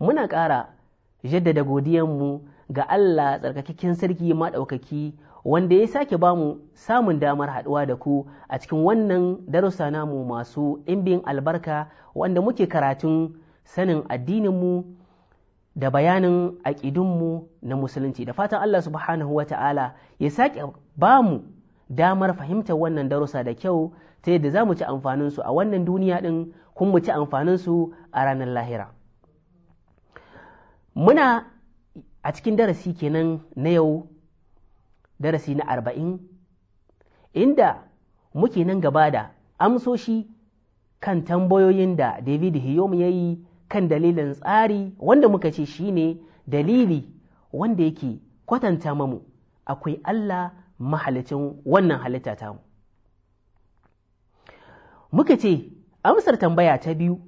muna ƙara jaddada godiyanmu ga Allah tsarkakakken sarki maɗaukaki wanda ya sake ba mu samun damar haɗuwa da ku a cikin wannan darussa namu masu ɗimbin albarka wanda muke karatun sanin addininmu da bayanin aƙidunmu na musulunci da fatan Allah subhanahu wa ta'ala ya sake ba mu damar fahimtar wannan darussa da kyau ta yadda za mu ci amfaninsu a wannan duniya ɗin kun mu ci amfaninsu a ranar lahira. muna a cikin darasi kenan na yau darasi na arba'in inda muke nan gaba da amsoshi kan tambayoyin da david hiyom ya yi kan dalilin tsari wanda muka ce shi ne dalili wanda yake kwatanta mamu akwai allah mahalicin wannan halitta tamu muka ce amsar tambaya ta biyu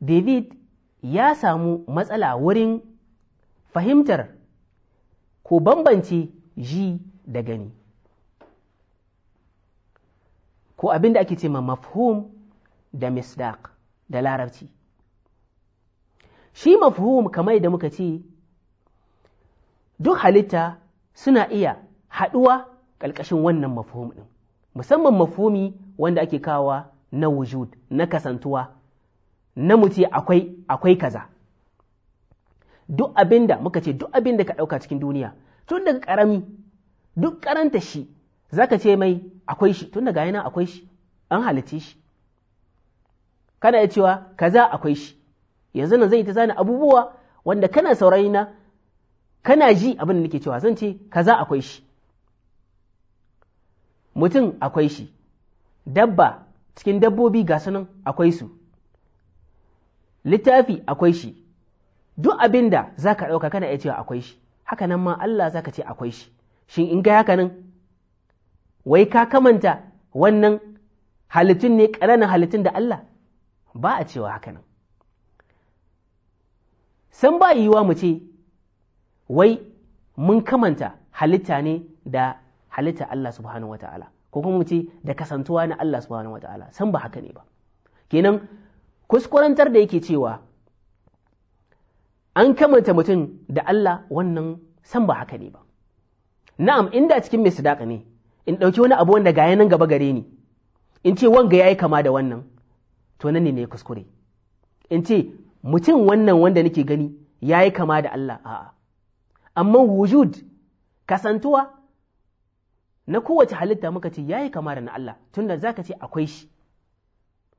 david ya samu matsala wurin fahimtar ko bambance ji da gani ko abin da ake ce ma mafhum da misdaq da larabci shi mafhum kamar yadda muka ce duk halitta suna iya haɗuwa ƙalƙashin wannan mafhum ɗin musamman mafhumi wanda ake kawa na wujud na kasantuwa na mu akwai akwai kaza duk abinda muka ce duk abinda ka ɗauka cikin duniya tun daga ƙarami duk karanta shi zaka ce mai akwai shi tun daga yana akwai shi an halice shi kana ya cewa kaza akwai shi yanzu nan zai ta zana abubuwa wanda kana saurayi kana ji abin da nake cewa zan ce kaza akwai shi mutum akwai shi dabba cikin dabbobi ga sunan akwai su littafi akwai shi duk abin da za ka ɗauka kana iya cewa akwai shi haka nan ma Allah za ka ce akwai shi shin in ga haka nan wai ka kamanta wannan halittun ne ƙananan halittun da Allah ba a cewa haka nan san ba yiwuwa mu ce wai mun kamanta halitta ne da halitta Allah subhanahu wata'ala ko kuma mu ce da kasantuwa na Allah subhanahu wata'ala san ba haka ne ba kenan kuskurantar da yake cewa an kamanta mutum da Allah wannan san ba haka ne ba na'am inda cikin mai sadaka ne in ɗauki wani abu wanda gaya nan gaba gare ni in ce wanga ya yi kama da wannan to nan ne ne kuskure in ce mutum wannan wanda nake gani ya yi kama da Allah a'a amma wujud kasantuwa na kowace halitta muka ce ya yi kama da na Allah tunda zaka ce akwai shi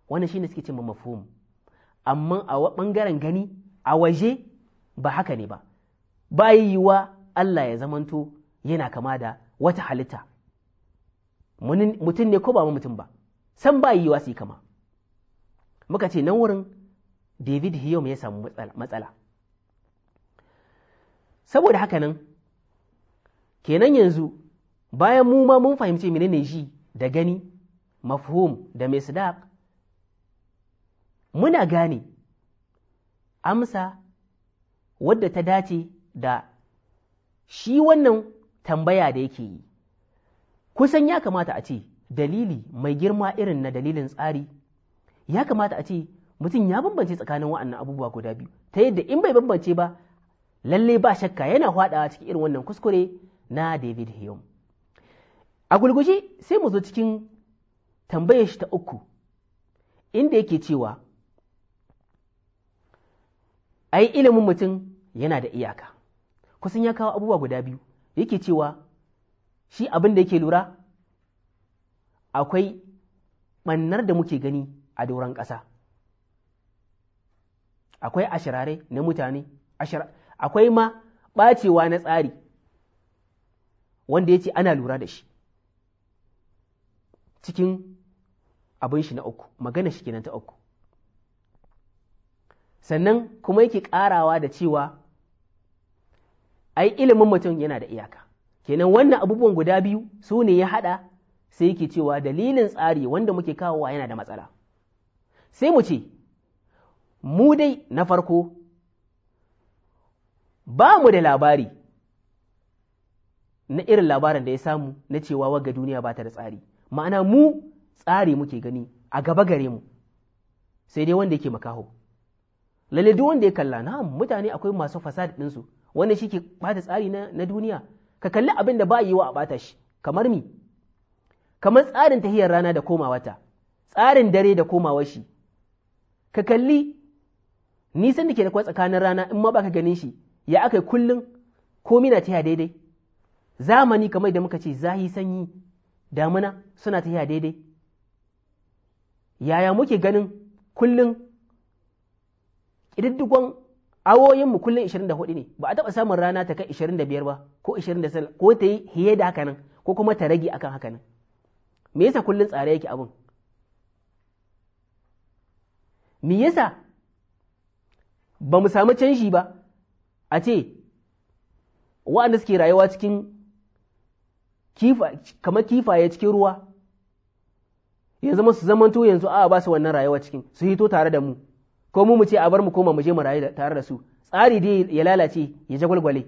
wannan shi shine suke ce mafhum amma a ɓangaren gani a waje ba haka ne ba ba yiwuwa Allah ya zamanto yana kama da wata halitta mutum ne ko ba mutum ba san ba yiwuwa su yi kama muka ce nan wurin David Hiyom ya samu matsala saboda haka nan kenan yanzu bayan mu ma mun fahimci menene shi da gani mafhum da mai misdaq muna gane amsa wadda ta dace da shi wannan tambaya da yake yi kusan ya kamata a ce dalili mai girma irin na dalilin tsari ya kamata a ce mutum ya bambance tsakanin wa'annan abubuwa guda biyu ta yadda in bai bambance ba lalle ba shakka yana hwadawa cikin irin wannan kuskure na david hume a gulgushi sai mu zo cikin tambayar shi ta uku inda yake cewa ai ilimin mutum yana da iyaka kusan ya kawo abubuwa guda biyu yake cewa shi abin da yake lura akwai ɓannar da muke gani a doron ƙasa akwai ashirare na mutane akwai ma ɓacewa na tsari wanda ya ce ana lura da shi cikin abin shi na uku magana shi kenan ta uku sannan kuma yake ƙarawa da cewa ai ilimin mutum yana da iyaka kenan wannan abubuwan guda biyu su ne ya haɗa sai yake cewa dalilin tsari wanda muke kawowa yana da matsala sai mu ce mu dai na farko ba mu da labari na irin labarin da ya samu na cewa waga duniya ba ta da tsari ma'ana mu tsari muke gani a gaba gare mu sai dai wanda yake makaho lalle duk wanda ya kalla na mutane akwai masu fasad ɗinsu wanda shi ke bata tsari na duniya ka kalli abin da ba yi wa a bata shi kamar mi kamar tsarin tahiyar rana da komawa ta tsarin dare da komawa shi ka kalli nisan da ke da tsakanin rana in ma baka ganin shi ya aka yi kullum ko mina tahiya daidai zamani kamar da muka ce zahi sanyi damuna suna tahiya daidai yaya muke ganin kullum ƙididdigon awoyin mu kullum 24 ne ba a taɓa samun rana ta kai 25 ba ko 27 ko ta yi hiye da hakanan ko kuma ta rage akan hakanan nan me yasa kullum tsare yake abun me yasa ba mu samu canji ba a ce waɗanda suke rayuwa cikin kamar kifaye cikin ruwa ya zama su zamanto yanzu a ba su wannan rayuwa cikin su hito tare da mu ko mu ce a bar mu koma mu je mu rayu tare da su tsari dai ya lalace ya jagwalgwale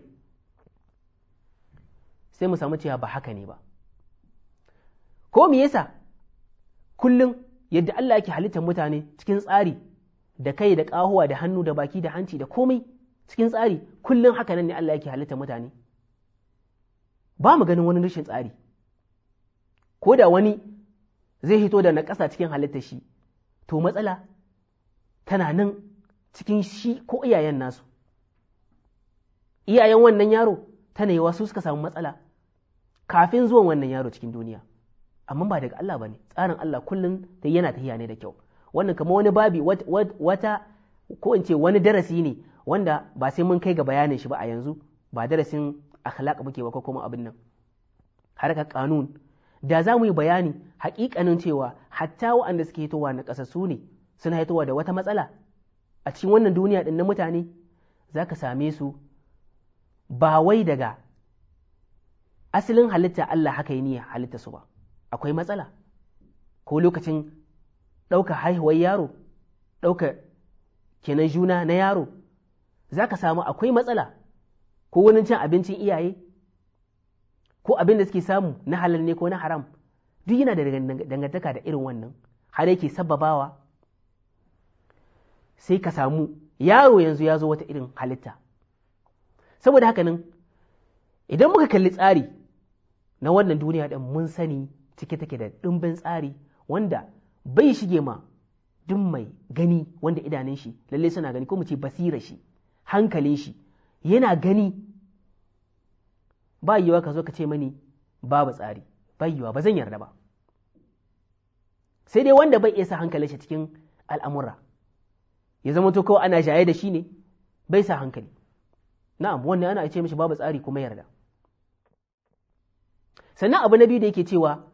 sai mu samu cewa ba haka ne ba ko me yasa kullum yadda Allah yake halittar mutane cikin tsari da kai da ƙahuwa da hannu da baki da hanci da komai cikin tsari kullum haka nan ne Allah yake halittar mutane ba mu ganin wani rashin tsari ko da wani zai hito da na ƙasa cikin halittar shi to matsala tana nan cikin shi ko iyayen nasu iyayen wannan yaro tana yi wasu suka samu matsala kafin zuwan wannan yaro cikin duniya amma ba daga Allah ba ne tsarin Allah kullum da yana tafiya ne da kyau wannan kamar wani babi wata ko in ce wani darasi ne wanda ba sai mun kai ga bayanin shi ba a yanzu ba darasin akhlaq muke ba ko kuma abin nan harkar kanun da za mu yi bayani hakikanin cewa hatta waɗanda suke hitowa na ƙasa su ne suna haitowa da wata matsala a cikin wannan duniya ɗin na mutane za ka same su ba wai daga asalin halitta Allah haka yi niyya halitta su ba akwai matsala ko lokacin ɗauka haihuwar yaro ɗauka kenan juna na yaro za ka samu akwai matsala ko wani cin abincin iyaye ko abin da suke samu na halal ne ko na haram duk yana da dangantaka da irin wannan har yake sababawa sai ka samu yaro yanzu ya zo wata irin halitta saboda haka nan idan muka kalli tsari na wannan duniya ɗin mun sani cike take da ɗimbin tsari wanda bai shige ma duk mai gani wanda idanun shi lalle suna gani ko mu ce basira shi hankalin shi yana gani ba yiwa ka zo ka ce mani babu tsari ba yiwa ba zan yarda ba sai dai wanda bai iya sa hankalin shi cikin al'amura ya zama to kawai ana shaye da shi ne bai sa hankali na'am wannan ana ce mishi babu tsari kuma yarda sannan abu na biyu da yake cewa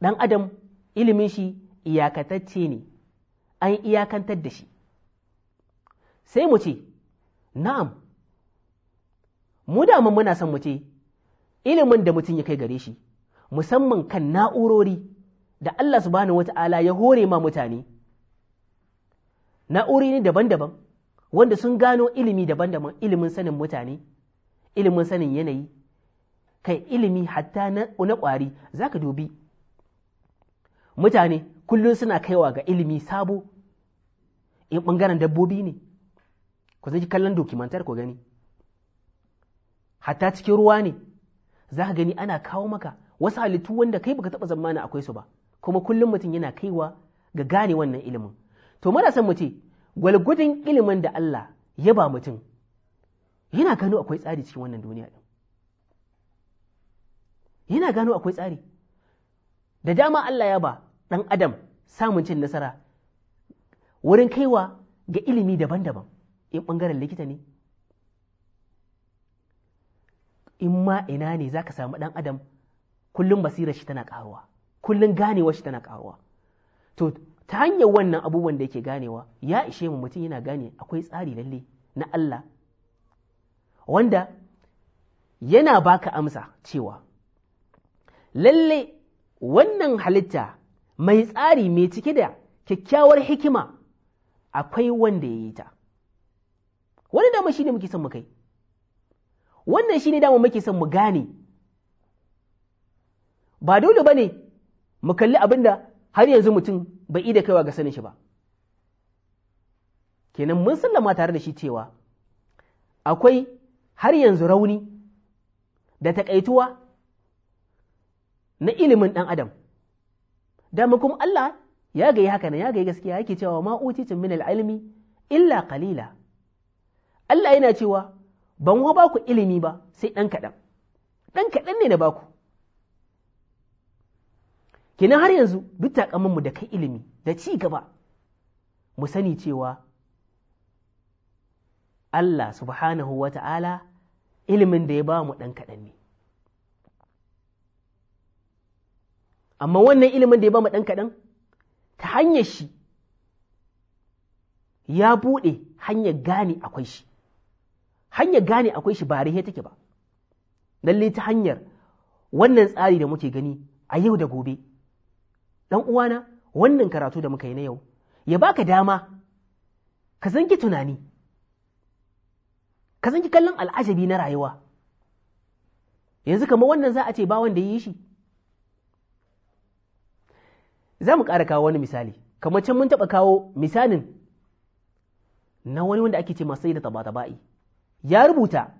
dan adam ilimin shi iyakatacce ne an iyakantar da shi sai mu ce na'am mu dama muna son mu ce ilimin da mutum ya kai gare shi musamman kan na'urori da Allah subhanahu wata'ala ya hore ma mutane na'uri ne daban-daban wanda sun gano ilimi daban-daban ilimin sanin mutane ilimin sanin yanayi kai ilimi hatta na kwari, za ka dubi mutane kullum suna kaiwa ga ilimi sabo in eh, ɓangaren dabbobi ne ku zai kallon dokimantar ku gani hatta cikin ruwa ne za ka gani ana kawo maka wasu halittu wanda kai baka taɓa zamana akwai su ba kuma kullum mutum yana kaiwa ga gane wannan ilimin to muna son mu ce ilimin da Allah ya ba mutum yana gano akwai tsari cikin wannan duniya ɗin yana gano akwai tsari da dama Allah ya ba ɗan adam samun cin nasara wurin kaiwa ga ilimi daban-daban in ɓangaren likita ne in ma ina ne za ka samu ɗan adam kullum basirar shi tana ƙaruwa kullum ganewa shi tana ƙaruwa to ta hanyar wannan abubuwan da yake ganewa ya ishe mu mutum yana gane akwai tsari lalle na Allah wanda yana baka amsa cewa lalle wannan halitta mai tsari mai cike da kyakkyawar hikima akwai wanda ya yi ta wani dama shi ne muke son mu kai wannan shi ne dama muke son mu gane ba dole ba ne mu kalli abin da har yanzu mutum bai da kaiwa ga sanin shi ba kenan mun ma tare da shi cewa akwai har yanzu rauni da takaituwa na ilimin ɗan adam dama kuma Allah ya gayi haka nan ya gayi gaskiya yake cewa ma utitin min ilmi illa qalila Allah yana cewa ban wa baku ilimi ba sai ɗan kaɗan ɗan kaɗan ne na baku kenan har yanzu duk takamanmu da kai ilimi da ci gaba mu sani cewa Allah subhanahu wa ta'ala ilimin da ya ba mu ɗan kaɗan ne amma wannan ilimin da ya ba mu ɗan kaɗan ta hanyar shi ya buɗe hanyar gane akwai shi hanyar gane akwai shi ba rihe take ba lalle ta hanyar wannan tsari da muke gani a yau da gobe Dan uwana wannan karatu da muka yi na yau ya baka dama ka zangi tunani ka zangi kallon al'ajabi na rayuwa yanzu kamar wannan za a ce ba wanda yi shi za mu ƙara kawo wani misali kamar can mun taɓa kawo misalin na wani wanda ake ce masu da taba-taba'i ya rubuta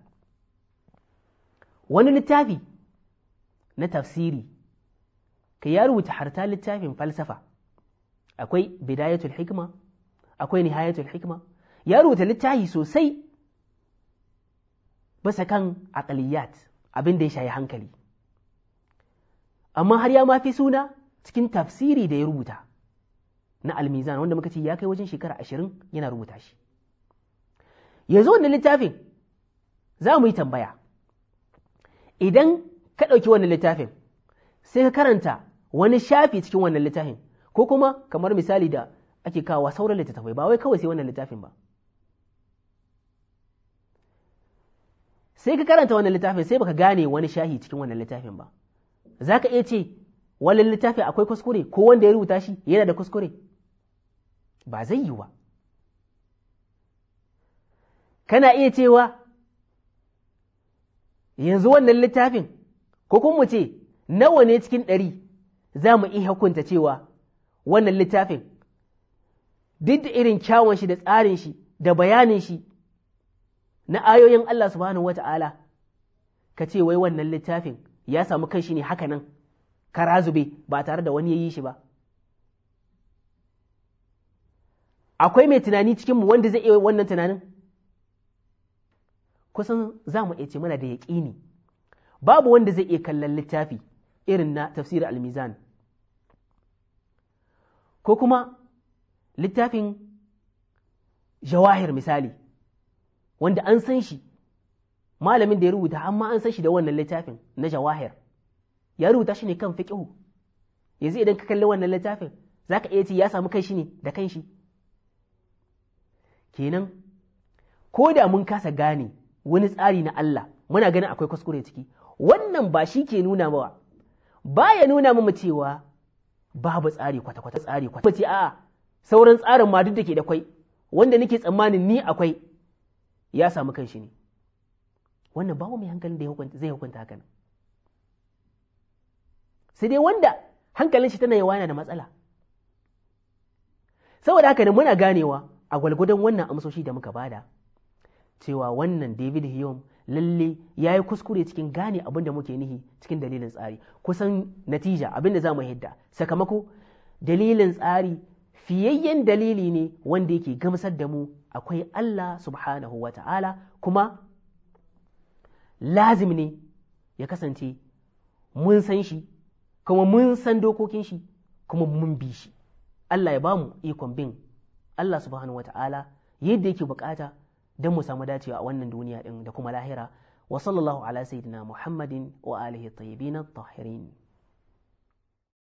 wani littafi na tafsiri ka ya rubuta harta littafin falsafa akwai bidayatul hikma akwai nihayatul hikma ya rubuta littafi sosai basa kan aqliyat abin da ya shayi hankali amma har ya ma fi suna cikin tafsiri da ya rubuta na almizan wanda muka ce ya kai wajen shekara ashirin yana rubuta shi zo wannan littafin za mu yi tambaya idan ka ɗauki wannan littafin sai ka karanta wani shafi cikin wannan littafin ko kuma kamar misali da ake kawo sauran littattafai ba wai kawai sai wannan littafin ba sai ka karanta wannan littafin sai baka gane wani shahi cikin wannan littafin ba za ka iya ce wannan littafin akwai kuskure ko wanda ya rubuta shi yana da kuskure ba zai yi ba kana iya cewa yanzu wannan littafin ko kuma ce nawa ne cikin ɗari za mu iya hukunta cewa wannan littafin duk da irin kyawun shi da tsarin shi da bayanin shi na ayoyin Allah subhanahu wata'ala ka ce wai wannan littafin ya samu kan shi ne haka nan zube ba tare da wani ya yi shi ba akwai mai tunani cikinmu wanda zai iya wannan tunanin kusan za mu iya ce mana da yaƙini babu wanda zai iya kallon littafi irin na al almizan ko kuma littafin jawahir misali wanda an san shi malamin da ya rubuta amma an san shi da wannan littafin na jawahir ya rubuta shi ne kan fiƙihu yanzu idan ka kalli wannan littafin za ka iya ce ya samu kai shi ne da kan shi kenan ko da mun kasa gane wani tsari na Allah muna ganin akwai kuskure ciki wannan ba shi ke nuna ba, ba ya nuna mu cewa babu tsari kwata-kwata tsari kwata ce a sauran tsarin ma duk da ke da kwai wanda nake tsammanin ni akwai ya samu kanshi ne wannan babu mai hankalin da zai hukunta haka sai dai wanda hankalin shi tana yawa na da matsala saboda haka ne muna ganewa a gwalgwadon wannan amsoshi da muka bada cewa wannan David Hume lalle ya yi kuskure cikin gane abin da muke nihi cikin dalilin tsari kusan natija abin da za mu hidda sakamako dalilin tsari fiyayyen dalili ne wanda yake gamsar da mu akwai Allah subhanahu wa ta'ala kuma lazim ne ya kasance mun san shi kuma mun san dokokin shi kuma mun bi shi Allah ya bamu ikon bin Allah subhanahu wa ta'ala yadda yake bukata don mu samu dacewa a wannan duniya ɗin da kuma lahira wa sallallahu ala sayyidina muhammadin wa alihi tayyibin tahirin